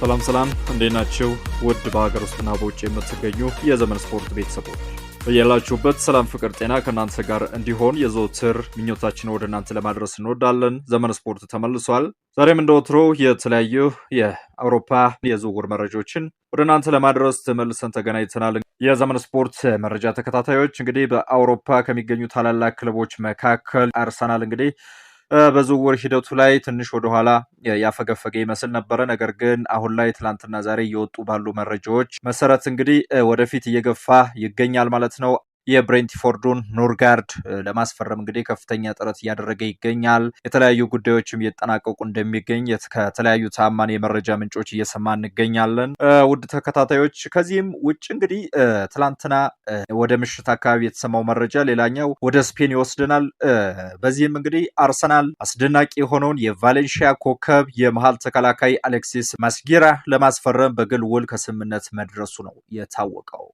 ሰላም ሰላም፣ እንዴት ናችሁ? ውድ በሀገር ውስጥና በውጭ የምትገኙ የዘመን ስፖርት ቤተሰቦች በያላችሁበት ሰላም፣ ፍቅር፣ ጤና ከእናንተ ጋር እንዲሆን የዘወትር ምኞታችን ወደ እናንተ ለማድረስ እንወዳለን። ዘመን ስፖርት ተመልሷል። ዛሬም እንደወትሮ የተለያዩ የአውሮፓ የዝውውር መረጃዎችን ወደ እናንተ ለማድረስ ተመልሰን ተገናኝተናል። የዘመን ስፖርት መረጃ ተከታታዮች እንግዲህ በአውሮፓ ከሚገኙ ታላላቅ ክለቦች መካከል አርሰናል እንግዲህ በዝውውር ሂደቱ ላይ ትንሽ ወደኋላ ያፈገፈገ ይመስል ነበረ። ነገር ግን አሁን ላይ ትላንትና ዛሬ እየወጡ ባሉ መረጃዎች መሰረት እንግዲህ ወደፊት እየገፋ ይገኛል ማለት ነው። የብሬንትፎርዱን ኖርጋርድ ለማስፈረም እንግዲህ ከፍተኛ ጥረት እያደረገ ይገኛል። የተለያዩ ጉዳዮችም እየተጠናቀቁ እንደሚገኝ ከተለያዩ ታማኝ የመረጃ ምንጮች እየሰማ እንገኛለን። ውድ ተከታታዮች፣ ከዚህም ውጭ እንግዲህ ትላንትና ወደ ምሽት አካባቢ የተሰማው መረጃ ሌላኛው ወደ ስፔን ይወስደናል። በዚህም እንግዲህ አርሰናል አስደናቂ የሆነውን የቫሌንሺያ ኮከብ የመሀል ተከላካይ አሌክሲስ ማስጌራ ለማስፈረም በግል ውል ከስምምነት መድረሱ ነው የታወቀው።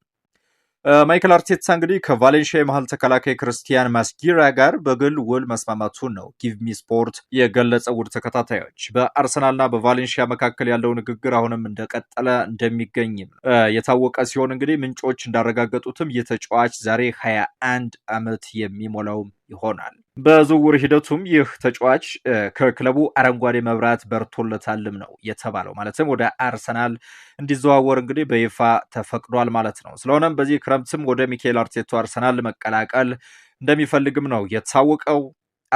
ማይክል አርቴታ እንግዲህ ከቫሌንሺያ የመሀል ተከላካይ ክርስቲያን ማስጊራ ጋር በግል ውል መስማማቱን ነው ጊቭ ሚ ስፖርት የገለጸ። ውድ ተከታታዮች በአርሰናልና በቫሌንሺያ መካከል ያለው ንግግር አሁንም እንደቀጠለ እንደሚገኝም የታወቀ ሲሆን እንግዲህ ምንጮች እንዳረጋገጡትም የተጫዋች ዛሬ 21 ዓመት የሚሞላውም ይሆናል። በዝውውር ሂደቱም ይህ ተጫዋች ከክለቡ አረንጓዴ መብራት በርቶለታልም ነው የተባለው። ማለትም ወደ አርሰናል እንዲዘዋወር እንግዲህ በይፋ ተፈቅዷል ማለት ነው። ስለሆነም በዚህ ክረምትም ወደ ሚካኤል አርቴቶ አርሰናል መቀላቀል እንደሚፈልግም ነው የታወቀው።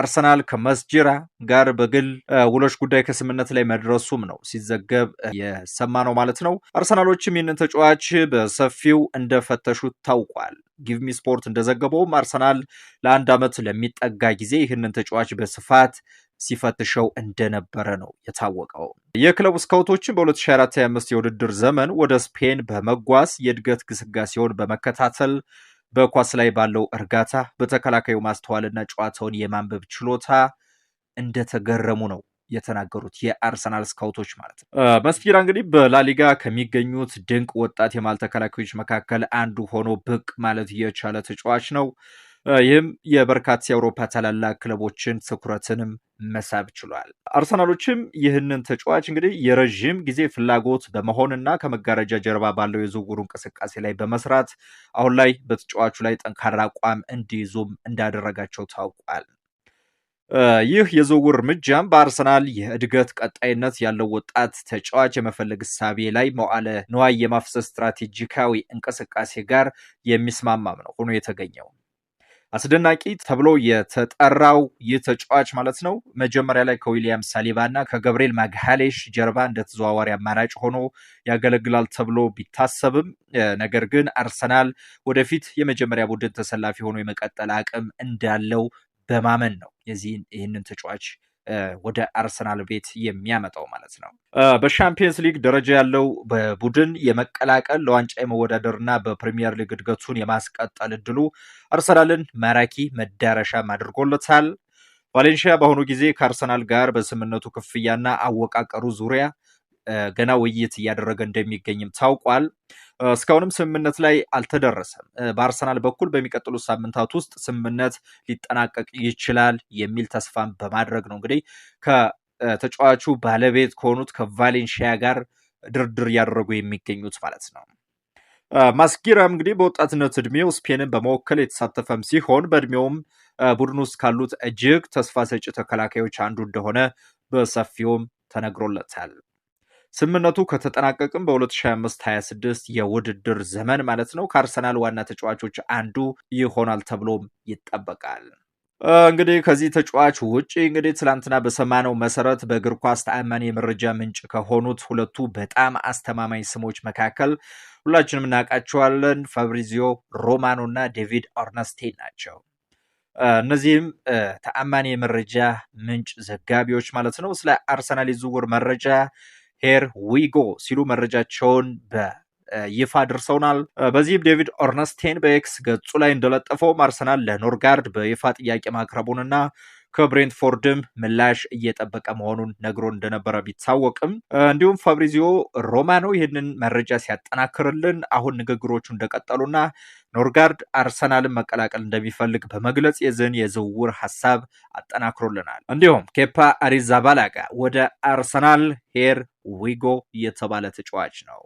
አርሰናል ከመስጅራ ጋር በግል ውሎች ጉዳይ ከስምነት ላይ መድረሱም ነው ሲዘገብ የሰማ ነው ማለት ነው። አርሰናሎችም ይህንን ተጫዋች በሰፊው እንደፈተሹት ታውቋል። ጊቭሚ ስፖርት እንደዘገበውም አርሰናል ለአንድ ዓመት ለሚጠጋ ጊዜ ይህንን ተጫዋች በስፋት ሲፈትሸው እንደነበረ ነው የታወቀው። የክለቡ ስካውቶችን በ2024/25 የውድድር ዘመን ወደ ስፔን በመጓዝ የእድገት ግስጋሴውን በመከታተል በኳስ ላይ ባለው እርጋታ በተከላካዩ ማስተዋልና ጨዋታውን የማንበብ ችሎታ እንደተገረሙ ነው የተናገሩት የአርሰናል ስካውቶች ማለት ነው። መስኪራ እንግዲህ በላሊጋ ከሚገኙት ድንቅ ወጣት የማል ተከላካዮች መካከል አንዱ ሆኖ ብቅ ማለት እየቻለ ተጫዋች ነው። ይህም የበርካታ የአውሮፓ ታላላቅ ክለቦችን ትኩረትንም መሳብ ችሏል። አርሰናሎችም ይህንን ተጫዋች እንግዲህ የረዥም ጊዜ ፍላጎት በመሆንና ከመጋረጃ ጀርባ ባለው የዝውውሩ እንቅስቃሴ ላይ በመስራት አሁን ላይ በተጫዋቹ ላይ ጠንካራ አቋም እንዲይዙም እንዳደረጋቸው ታውቋል። ይህ የዝውውር እርምጃም በአርሰናል የእድገት ቀጣይነት ያለው ወጣት ተጫዋች የመፈለግ እሳቤ ላይ መዋለ ንዋይ የማፍሰስ ስትራቴጂካዊ እንቅስቃሴ ጋር የሚስማማም ነው ሆኖ የተገኘው። አስደናቂ ተብሎ የተጠራው ይህ ተጫዋች ማለት ነው መጀመሪያ ላይ ከዊሊያም ሳሊባ እና ከገብርኤል ማግሃሌሽ ጀርባ እንደ ተዘዋዋሪ አማራጭ ሆኖ ያገለግላል ተብሎ ቢታሰብም ነገር ግን አርሰናል ወደፊት የመጀመሪያ ቡድን ተሰላፊ ሆኖ የመቀጠል አቅም እንዳለው በማመን ነው የዚህን ይህንን ተጫዋች ወደ አርሰናል ቤት የሚያመጣው ማለት ነው። በሻምፒየንስ ሊግ ደረጃ ያለው በቡድን የመቀላቀል ለዋንጫ የመወዳደርና በፕሪሚየር ሊግ እድገቱን የማስቀጠል እድሉ አርሰናልን ማራኪ መዳረሻም አድርጎለታል። ቫሌንሺያ በአሁኑ ጊዜ ከአርሰናል ጋር በስምነቱ ክፍያና አወቃቀሩ ዙሪያ ገና ውይይት እያደረገ እንደሚገኝም ታውቋል። እስካሁንም ስምምነት ላይ አልተደረሰም። በአርሰናል በኩል በሚቀጥሉት ሳምንታት ውስጥ ስምምነት ሊጠናቀቅ ይችላል የሚል ተስፋም በማድረግ ነው እንግዲህ ከተጫዋቹ ባለቤት ከሆኑት ከቫሌንሺያ ጋር ድርድር እያደረጉ የሚገኙት ማለት ነው። ማስጊራም እንግዲህ በወጣትነት እድሜው ስፔንን በመወከል የተሳተፈም ሲሆን በእድሜውም ቡድን ውስጥ ካሉት እጅግ ተስፋ ሰጪ ተከላካዮች አንዱ እንደሆነ በሰፊውም ተነግሮለታል። ስምምነቱ ከተጠናቀቅም በ2025/26 የውድድር ዘመን ማለት ነው ከአርሰናል ዋና ተጫዋቾች አንዱ ይሆናል ተብሎም ይጠበቃል። እንግዲህ ከዚህ ተጫዋች ውጪ እንግዲህ ትላንትና በሰማነው መሰረት በእግር ኳስ ተአማኒ የመረጃ ምንጭ ከሆኑት ሁለቱ በጣም አስተማማኝ ስሞች መካከል ሁላችንም እናውቃቸዋለን፣ ፋብሪዚዮ ሮማኖ እና ዴቪድ ኦርነስቴን ናቸው። እነዚህም ተአማኒ የመረጃ ምንጭ ዘጋቢዎች ማለት ነው ስለ አርሰናል የዝውውር መረጃ ሄር ዊጎ ሲሉ መረጃቸውን በይፋ አድርሰውናል። በዚህም ዴቪድ ኦርነስቴን በኤክስ ገጹ ላይ እንደለጠፈውም አርሰናል ለኖርጋርድ በይፋ ጥያቄ ማቅረቡንና ከብሬንትፎርድም ምላሽ እየጠበቀ መሆኑን ነግሮ እንደነበረ ቢታወቅም እንዲሁም ፋብሪዚዮ ሮማኖ ይህንን መረጃ ሲያጠናክርልን አሁን ንግግሮቹ እንደቀጠሉና ኖርጋርድ አርሰናልን መቀላቀል እንደሚፈልግ በመግለጽ የዝን የዝውውር ሀሳብ አጠናክሮልናል። እንዲሁም ኬፓ አሪዛባላጋ ወደ አርሰናል ሄር ዊጎ የተባለ ተጫዋች ነው።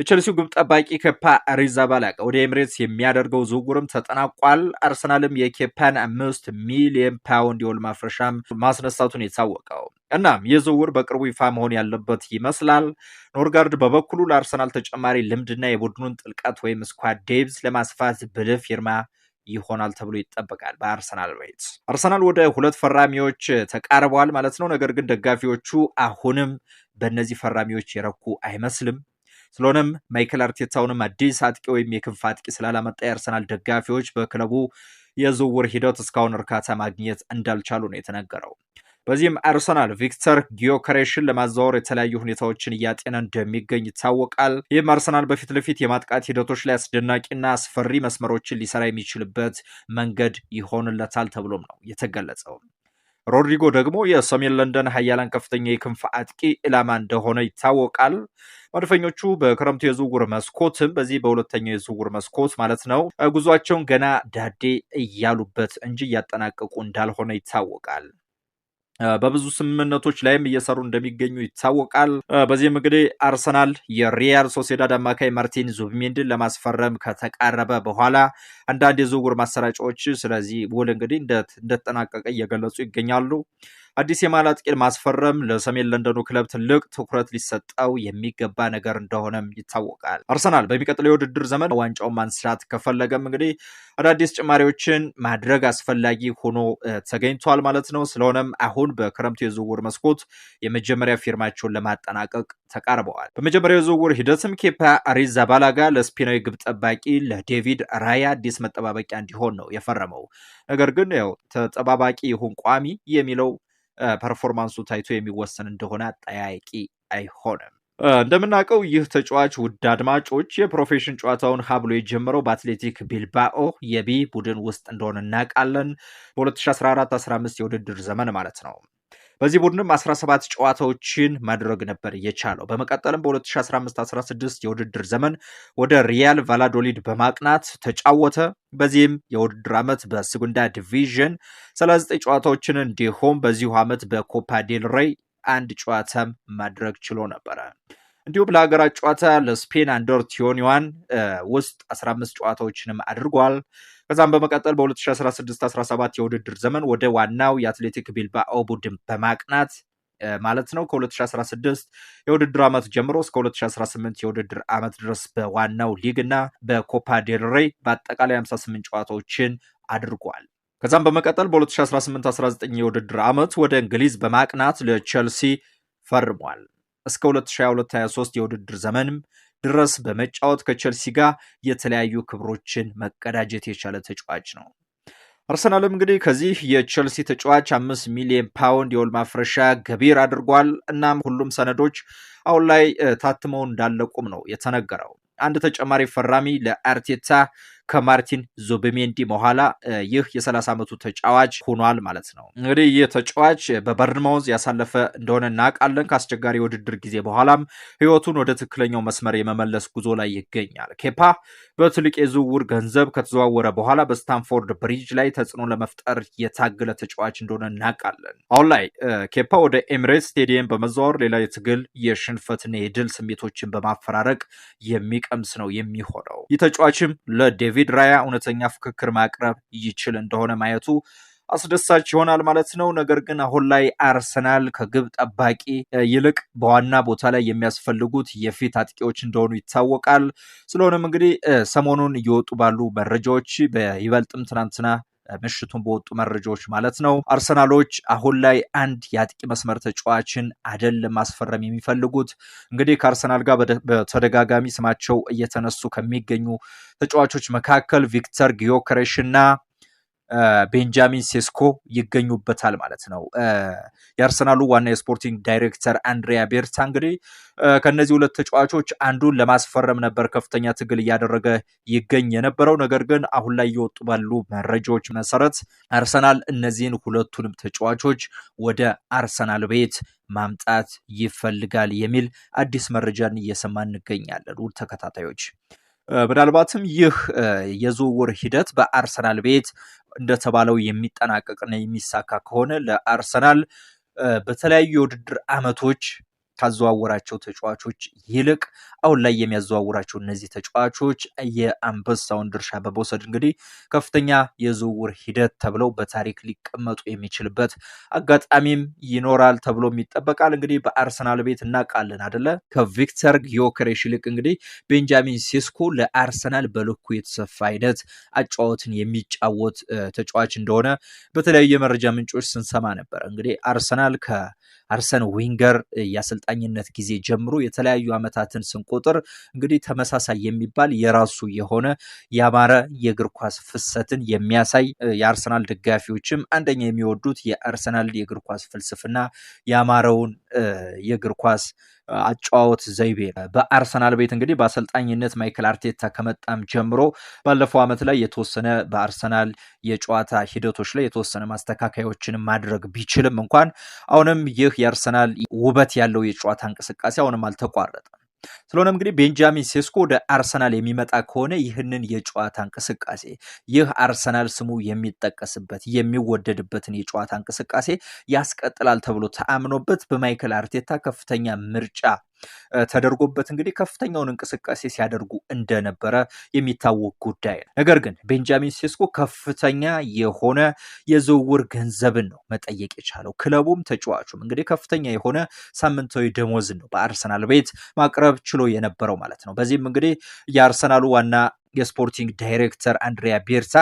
የቸልሲው ግብ ጠባቂ ኬፓ አሪዛባላጋ ወደ ኤምሬትስ የሚያደርገው ዝውውርም ተጠናቋል። አርሰናልም የኬፓን አምስት ሚሊየን ፓውንድ የውል ማፍረሻም ማስነሳቱን የታወቀው እናም ይህ ዝውውር በቅርቡ ይፋ መሆን ያለበት ይመስላል። ኖርጋርድ በበኩሉ ለአርሰናል ተጨማሪ ልምድና የቡድኑን ጥልቀት ወይም ስኳድ ዴብዝ ለማስፋት ብልህ ፊርማ ይሆናል ተብሎ ይጠበቃል። በአርሰናል ቤት አርሰናል ወደ ሁለት ፈራሚዎች ተቃርበዋል ማለት ነው። ነገር ግን ደጋፊዎቹ አሁንም በእነዚህ ፈራሚዎች የረኩ አይመስልም። ስለሆነም ማይክል አርቴታውንም አዲስ አጥቂ ወይም የክንፍ አጥቂ ስላላመጣ የአርሰናል ደጋፊዎች በክለቡ የዝውውር ሂደት እስካሁን እርካታ ማግኘት እንዳልቻሉ ነው የተነገረው። በዚህም አርሰናል ቪክተር ጊዮከሬሽን ለማዛወር የተለያዩ ሁኔታዎችን እያጤነ እንደሚገኝ ይታወቃል። ይህም አርሰናል በፊት ለፊት የማጥቃት ሂደቶች ላይ አስደናቂና አስፈሪ መስመሮችን ሊሰራ የሚችልበት መንገድ ይሆንለታል ተብሎም ነው የተገለጸው። ሮድሪጎ ደግሞ የሰሜን ለንደን ሀያላን ከፍተኛ የክንፍ አጥቂ ኢላማ እንደሆነ ይታወቃል። መድፈኞቹ በክረምቱ የዝውውር መስኮትም በዚህ በሁለተኛው የዝውውር መስኮት ማለት ነው ጉዟቸውን ገና ዳዴ እያሉበት እንጂ እያጠናቀቁ እንዳልሆነ ይታወቃል። በብዙ ስምምነቶች ላይም እየሰሩ እንደሚገኙ ይታወቃል። በዚህም እንግዲህ አርሰናል የሪያል ሶሴዳድ አማካይ ማርቲን ዙብሜንድን ለማስፈረም ከተቃረበ በኋላ አንዳንድ የዝውውር ማሰራጫዎች ስለዚህ ውል እንግዲህ እንደተጠናቀቀ እየገለጹ ይገኛሉ። አዲስ የማል አጥቂን ማስፈረም ለሰሜን ለንደኑ ክለብ ትልቅ ትኩረት ሊሰጠው የሚገባ ነገር እንደሆነም ይታወቃል። አርሰናል በሚቀጥለው የውድድር ዘመን ዋንጫውን ማንሳት ከፈለገም እንግዲህ አዳዲስ ጭማሪዎችን ማድረግ አስፈላጊ ሆኖ ተገኝቷል ማለት ነው። ስለሆነም አሁን በክረምቱ የዝውውር መስኮት የመጀመሪያ ፊርማቸውን ለማጠናቀቅ ተቃርበዋል። በመጀመሪያው የዝውውር ሂደትም ኬፓ አሪዛባላጋ ለስፔናዊ ግብ ጠባቂ ለዴቪድ ራያ አዲስ መጠባበቂያ እንዲሆን ነው የፈረመው። ነገር ግን ያው ተጠባባቂ ይሁን ቋሚ የሚለው ፐርፎርማንሱ ታይቶ የሚወሰን እንደሆነ ጠያቂ አይሆንም። እንደምናውቀው ይህ ተጫዋች ውድ አድማጮች የፕሮፌሽን ጨዋታውን ሀብሎ የጀመረው በአትሌቲክ ቢልባኦ የቢ ቡድን ውስጥ እንደሆነ እናውቃለን። በ2014/15 የውድድር ዘመን ማለት ነው። በዚህ ቡድንም 17 ጨዋታዎችን ማድረግ ነበር የቻለው። በመቀጠልም በ2015/16 የውድድር ዘመን ወደ ሪያል ቫላዶሊድ በማቅናት ተጫወተ። በዚህም የውድድር ዓመት በስጉንዳ ዲቪዥን 39 ጨዋታዎችን እንዲሁም በዚሁ ዓመት በኮፓ ዴል ሬይ አንድ ጨዋታም ማድረግ ችሎ ነበረ። እንዲሁም ለሀገራት ጨዋታ ለስፔን አንደር ውስጥ 15 ጨዋታዎችንም አድርጓል። ከዛም በመቀጠል በ2016-17 የውድድር ዘመን ወደ ዋናው የአትሌቲክ ቢልባኦ ቡድን በማቅናት ማለት ነው። ከ2016 የውድድር ዓመት ጀምሮ እስከ 2018 የውድድር ዓመት ድረስ በዋናው ሊግ እና በኮፓ ዴልሬ በአጠቃላይ 58 ጨዋታዎችን አድርጓል። ከዛም በመቀጠል በ2018-19 የውድድር ዓመት ወደ እንግሊዝ በማቅናት ለቼልሲ ፈርሟል። እስከ 2022-23 የውድድር ዘመንም ድረስ በመጫወት ከቸልሲ ጋር የተለያዩ ክብሮችን መቀዳጀት የቻለ ተጫዋች ነው። አርሰናልም እንግዲህ ከዚህ የቸልሲ ተጫዋች አምስት ሚሊዮን ፓውንድ የውል ማፍረሻ ገቢር አድርጓል። እናም ሁሉም ሰነዶች አሁን ላይ ታትመው እንዳለቁም ነው የተነገረው። አንድ ተጨማሪ ፈራሚ ለአርቴታ ከማርቲን ዙቢሜንዲ በኋላ ይህ የ30 ዓመቱ ተጫዋች ሆኗል ማለት ነው። እንግዲህ ይህ ተጫዋች በበርንማውዝ ያሳለፈ እንደሆነ እናውቃለን። ከአስቸጋሪ የውድድር ጊዜ በኋላም ህይወቱን ወደ ትክክለኛው መስመር የመመለስ ጉዞ ላይ ይገኛል። ኬፓ በትልቅ የዝውውር ገንዘብ ከተዘዋወረ በኋላ በስታንፎርድ ብሪጅ ላይ ተጽዕኖ ለመፍጠር የታገለ ተጫዋች እንደሆነ እናውቃለን። አሁን ላይ ኬፓ ወደ ኤምሬት ስቴዲየም በመዘዋወር ሌላ የትግል የሽንፈትና የድል ስሜቶችን በማፈራረቅ የሚቀምስ ነው የሚሆነው። ይህ ተጫዋችም ለዴቪ ዳቪድ ራያ እውነተኛ ፍክክር ማቅረብ ይችል እንደሆነ ማየቱ አስደሳች ይሆናል ማለት ነው። ነገር ግን አሁን ላይ አርሰናል ከግብ ጠባቂ ይልቅ በዋና ቦታ ላይ የሚያስፈልጉት የፊት አጥቂዎች እንደሆኑ ይታወቃል። ስለሆነም እንግዲህ ሰሞኑን እየወጡ ባሉ መረጃዎች በይበልጥም ትናንትና ምሽቱን በወጡ መረጃዎች ማለት ነው። አርሰናሎች አሁን ላይ አንድ የአጥቂ መስመር ተጫዋችን አይደለም ማስፈረም የሚፈልጉት። እንግዲህ ከአርሰናል ጋር በተደጋጋሚ ስማቸው እየተነሱ ከሚገኙ ተጫዋቾች መካከል ቪክተር ጊዮከሬሽ እና ቤንጃሚን ሴስኮ ይገኙበታል ማለት ነው። የአርሰናሉ ዋና የስፖርቲንግ ዳይሬክተር አንድሪያ ቤርታ እንግዲህ ከእነዚህ ሁለት ተጫዋቾች አንዱን ለማስፈረም ነበር ከፍተኛ ትግል እያደረገ ይገኝ የነበረው። ነገር ግን አሁን ላይ እየወጡ ባሉ መረጃዎች መሰረት አርሰናል እነዚህን ሁለቱንም ተጫዋቾች ወደ አርሰናል ቤት ማምጣት ይፈልጋል የሚል አዲስ መረጃን እየሰማ እንገኛለን። ውድ ተከታታዮች ምናልባትም ይህ የዝውውር ሂደት በአርሰናል ቤት እንደተባለው የሚጠናቀቅና የሚሳካ ከሆነ ለአርሰናል በተለያዩ የውድድር አመቶች። ካዘዋወራቸው ተጫዋቾች ይልቅ አሁን ላይ የሚያዘዋውራቸው እነዚህ ተጫዋቾች የአንበሳውን ድርሻ በመውሰድ እንግዲህ ከፍተኛ የዝውውር ሂደት ተብለው በታሪክ ሊቀመጡ የሚችልበት አጋጣሚም ይኖራል ተብሎም ይጠበቃል። እንግዲህ በአርሰናል ቤት እናውቃለን አደለ? ከቪክተር ጊዮከሬሽ ይልቅ እንግዲህ ቤንጃሚን ሴስኮ ለአርሰናል በልኩ የተሰፋ አይነት አጫወትን የሚጫወት ተጫዋች እንደሆነ በተለያዩ የመረጃ ምንጮች ስንሰማ ነበር። እንግዲህ አርሰናል ከ አርሰን ዊንገር የአሰልጣኝነት ጊዜ ጀምሮ የተለያዩ ዓመታትን ስንቆጥር እንግዲህ ተመሳሳይ የሚባል የራሱ የሆነ ያማረ የእግር ኳስ ፍሰትን የሚያሳይ የአርሰናል ደጋፊዎችም አንደኛ የሚወዱት የአርሰናል የእግር ኳስ ፍልስፍና ያማረውን የእግር ኳስ አጫዋወት ዘይቤ በአርሰናል ቤት እንግዲህ በአሰልጣኝነት ማይክል አርቴታ ከመጣም ጀምሮ ባለፈው ዓመት ላይ የተወሰነ በአርሰናል የጨዋታ ሂደቶች ላይ የተወሰነ ማስተካከያዎችን ማድረግ ቢችልም እንኳን አሁንም ይህ የአርሰናል ውበት ያለው የጨዋታ እንቅስቃሴ አሁንም አልተቋረጠም። ስለሆነም እንግዲህ ቤንጃሚን ሴስኮ ወደ አርሰናል የሚመጣ ከሆነ ይህንን የጨዋታ እንቅስቃሴ ይህ አርሰናል ስሙ የሚጠቀስበት የሚወደድበትን የጨዋታ እንቅስቃሴ ያስቀጥላል ተብሎ ተአምኖበት በማይክል አርቴታ ከፍተኛ ምርጫ ተደርጎበት እንግዲህ ከፍተኛውን እንቅስቃሴ ሲያደርጉ እንደነበረ የሚታወቅ ጉዳይ ነው። ነገር ግን ቤንጃሚን ሴስኮ ከፍተኛ የሆነ የዝውውር ገንዘብን ነው መጠየቅ የቻለው። ክለቡም ተጫዋቹም እንግዲህ ከፍተኛ የሆነ ሳምንታዊ ደሞዝን ነው በአርሰናል ቤት ማቅረብ ችሎ የነበረው ማለት ነው። በዚህም እንግዲህ የአርሰናሉ ዋና የስፖርቲንግ ዳይሬክተር አንድሪያ ቤርታ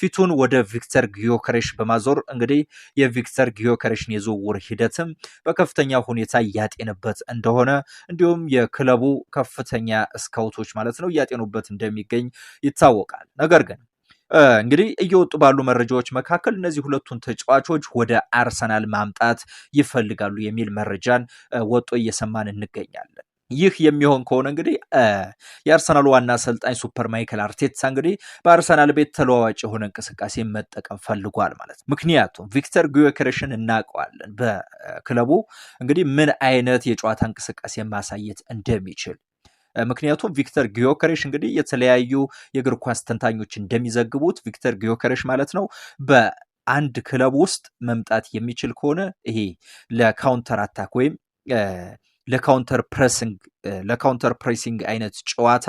ፊቱን ወደ ቪክተር ጊዮከሬሽ በማዞር እንግዲህ የቪክተር ጊዮከሬሽን የዝውውር ሂደትም በከፍተኛ ሁኔታ እያጤንበት እንደሆነ እንዲሁም የክለቡ ከፍተኛ ስካውቶች ማለት ነው እያጤኑበት እንደሚገኝ ይታወቃል። ነገር ግን እንግዲህ እየወጡ ባሉ መረጃዎች መካከል እነዚህ ሁለቱን ተጫዋቾች ወደ አርሰናል ማምጣት ይፈልጋሉ የሚል መረጃን ወጦ እየሰማን እንገኛለን። ይህ የሚሆን ከሆነ እንግዲህ የአርሰናል ዋና አሰልጣኝ ሱፐር ማይክል አርቴታ እንግዲህ በአርሰናል ቤት ተለዋዋጭ የሆነ እንቅስቃሴ መጠቀም ፈልጓል ማለት ነው። ምክንያቱም ቪክተር ጊዮከረስን እናውቀዋለን። በክለቡ እንግዲህ ምን አይነት የጨዋታ እንቅስቃሴ ማሳየት እንደሚችል ምክንያቱም ቪክተር ጊዮከሬሽ እንግዲህ የተለያዩ የእግር ኳስ ተንታኞች እንደሚዘግቡት ቪክተር ጊዮከሬሽ ማለት ነው በአንድ ክለብ ውስጥ መምጣት የሚችል ከሆነ ይሄ ለካውንተር አታክ ወይም ለካውንተር ፕሬሲንግ አይነት ጨዋታ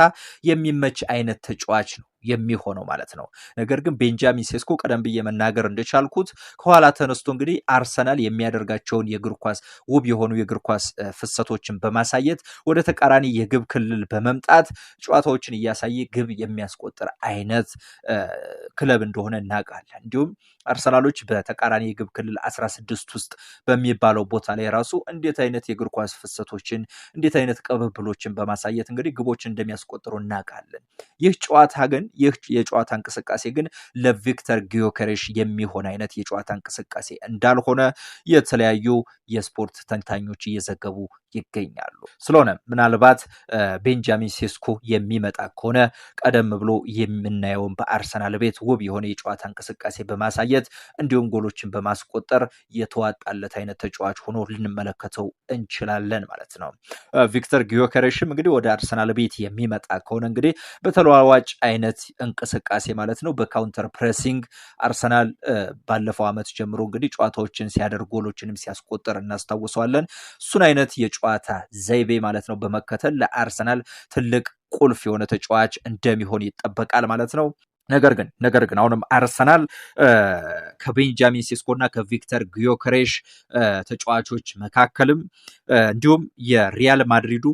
የሚመች አይነት ተጫዋች ነው። የሚሆነው ማለት ነው። ነገር ግን ቤንጃሚን ሴስኮ ቀደም ብዬ መናገር እንደቻልኩት ከኋላ ተነስቶ እንግዲህ አርሰናል የሚያደርጋቸውን የእግር ኳስ ውብ የሆኑ የእግር ኳስ ፍሰቶችን በማሳየት ወደ ተቃራኒ የግብ ክልል በመምጣት ጨዋታዎችን እያሳየ ግብ የሚያስቆጥር አይነት ክለብ እንደሆነ እናውቃለን። እንዲሁም አርሰናሎች በተቃራኒ የግብ ክልል አስራ ስድስት ውስጥ በሚባለው ቦታ ላይ ራሱ እንዴት አይነት የእግር ኳስ ፍሰቶችን እንዴት አይነት ቅብብሎችን በማሳየት እንግዲህ ግቦችን እንደሚያስቆጥሩ እናውቃለን። ይህ ጨዋታ ግን ይህ የጨዋታ እንቅስቃሴ ግን ለቪክተር ጊዮከሬሽ የሚሆን አይነት የጨዋታ እንቅስቃሴ እንዳልሆነ የተለያዩ የስፖርት ተንታኞች እየዘገቡ ይገኛሉ። ስለሆነ ምናልባት ቤንጃሚን ሴስኮ የሚመጣ ከሆነ ቀደም ብሎ የምናየውን በአርሰናል ቤት ውብ የሆነ የጨዋታ እንቅስቃሴ በማሳየት እንዲሁም ጎሎችን በማስቆጠር የተዋጣለት አይነት ተጫዋች ሆኖ ልንመለከተው እንችላለን ማለት ነው። ቪክተር ጊዮከሬሽም እንግዲህ ወደ አርሰናል ቤት የሚመጣ ከሆነ እንግዲህ በተለዋዋጭ አይነት እንቅስቃሴ ማለት ነው በካውንተር ፕሬሲንግ አርሰናል ባለፈው ዓመት ጀምሮ እንግዲህ ጨዋታዎችን ሲያደርግ ጎሎችንም ሲያስቆጠር እናስታውሰዋለን። እሱን አይነት የጨ የጨዋታ ዘይቤ ማለት ነው በመከተል ለአርሰናል ትልቅ ቁልፍ የሆነ ተጫዋች እንደሚሆን ይጠበቃል ማለት ነው። ነገር ግን ነገር ግን አሁንም አርሰናል ከቤንጃሚን ሴስኮ እና ከቪክተር ጊዮከሬሽ ተጫዋቾች መካከልም እንዲሁም የሪያል ማድሪዱ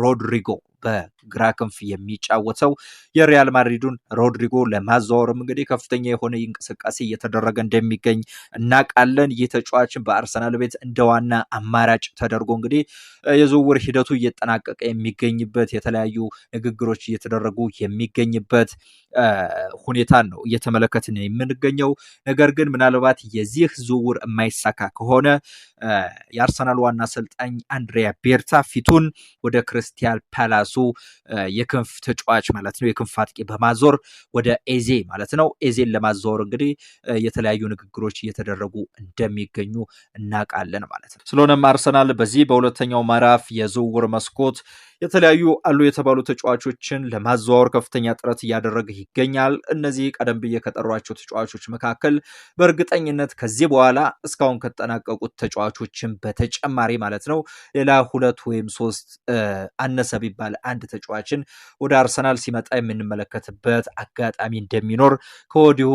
ሮድሪጎ በግራ ክንፍ የሚጫወተው የሪያል ማድሪዱን ሮድሪጎ ለማዘዋወርም እንግዲህ ከፍተኛ የሆነ እንቅስቃሴ እየተደረገ እንደሚገኝ እናውቃለን። ይህ ተጫዋችን በአርሰናል ቤት እንደ ዋና አማራጭ ተደርጎ እንግዲህ የዝውውር ሂደቱ እየጠናቀቀ የሚገኝበት የተለያዩ ንግግሮች እየተደረጉ የሚገኝበት ሁኔታን ነው እየተመለከትን የምንገኘው። ነገር ግን ምናልባት የዚህ ዝውውር የማይሳካ ከሆነ የአርሰናል ዋና አሰልጣኝ አንድሪያ ቤርታ ፊቱን ወደ ክሪስታል ፓላሱ የክንፍ ተጫዋች ማለት ነው የክንፍ አጥቂ በማዞር ወደ ኤዜ ማለት ነው ኤዜን ለማዛወር እንግዲህ የተለያዩ ንግግሮች እየተደረጉ እንደሚገኙ እናውቃለን ማለት ነው። ስለሆነም አርሰናል በዚህ በሁለተኛው ምዕራፍ የዝውውር መስኮት የተለያዩ አሉ የተባሉ ተጫዋቾችን ለማዘዋወር ከፍተኛ ጥረት እያደረገ ይገኛል። እነዚህ ቀደም ብዬ ከጠሯቸው ተጫዋቾች መካከል በእርግጠኝነት ከዚህ በኋላ እስካሁን ከተጠናቀቁት ተጫዋቾችን በተጨማሪ ማለት ነው ሌላ ሁለት ወይም ሶስት አነሰ ቢባል አንድ ተጫዋችን ወደ አርሰናል ሲመጣ የምንመለከትበት አጋጣሚ እንደሚኖር ከወዲሁ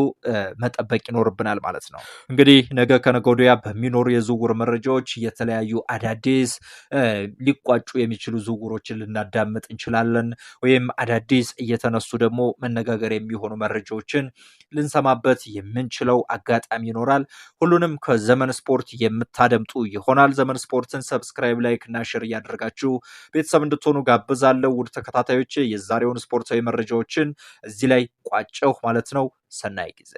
መጠበቅ ይኖርብናል ማለት ነው። እንግዲህ ነገ ከነገ ወዲያ በሚኖሩ የዝውውር መረጃዎች የተለያዩ አዳዲስ ሊቋጩ የሚችሉ ዝውውሮች መረጃዎችን ልናዳምጥ እንችላለን፣ ወይም አዳዲስ እየተነሱ ደግሞ መነጋገር የሚሆኑ መረጃዎችን ልንሰማበት የምንችለው አጋጣሚ ይኖራል። ሁሉንም ከዘመን ስፖርት የምታደምጡ ይሆናል። ዘመን ስፖርትን ሰብስክራይብ፣ ላይክ እና ሼር እያደረጋችሁ ቤተሰብ እንድትሆኑ ጋብዛለሁ። ውድ ተከታታዮች የዛሬውን ስፖርታዊ መረጃዎችን እዚህ ላይ ቋጨሁ ማለት ነው። ሰናይ ጊዜ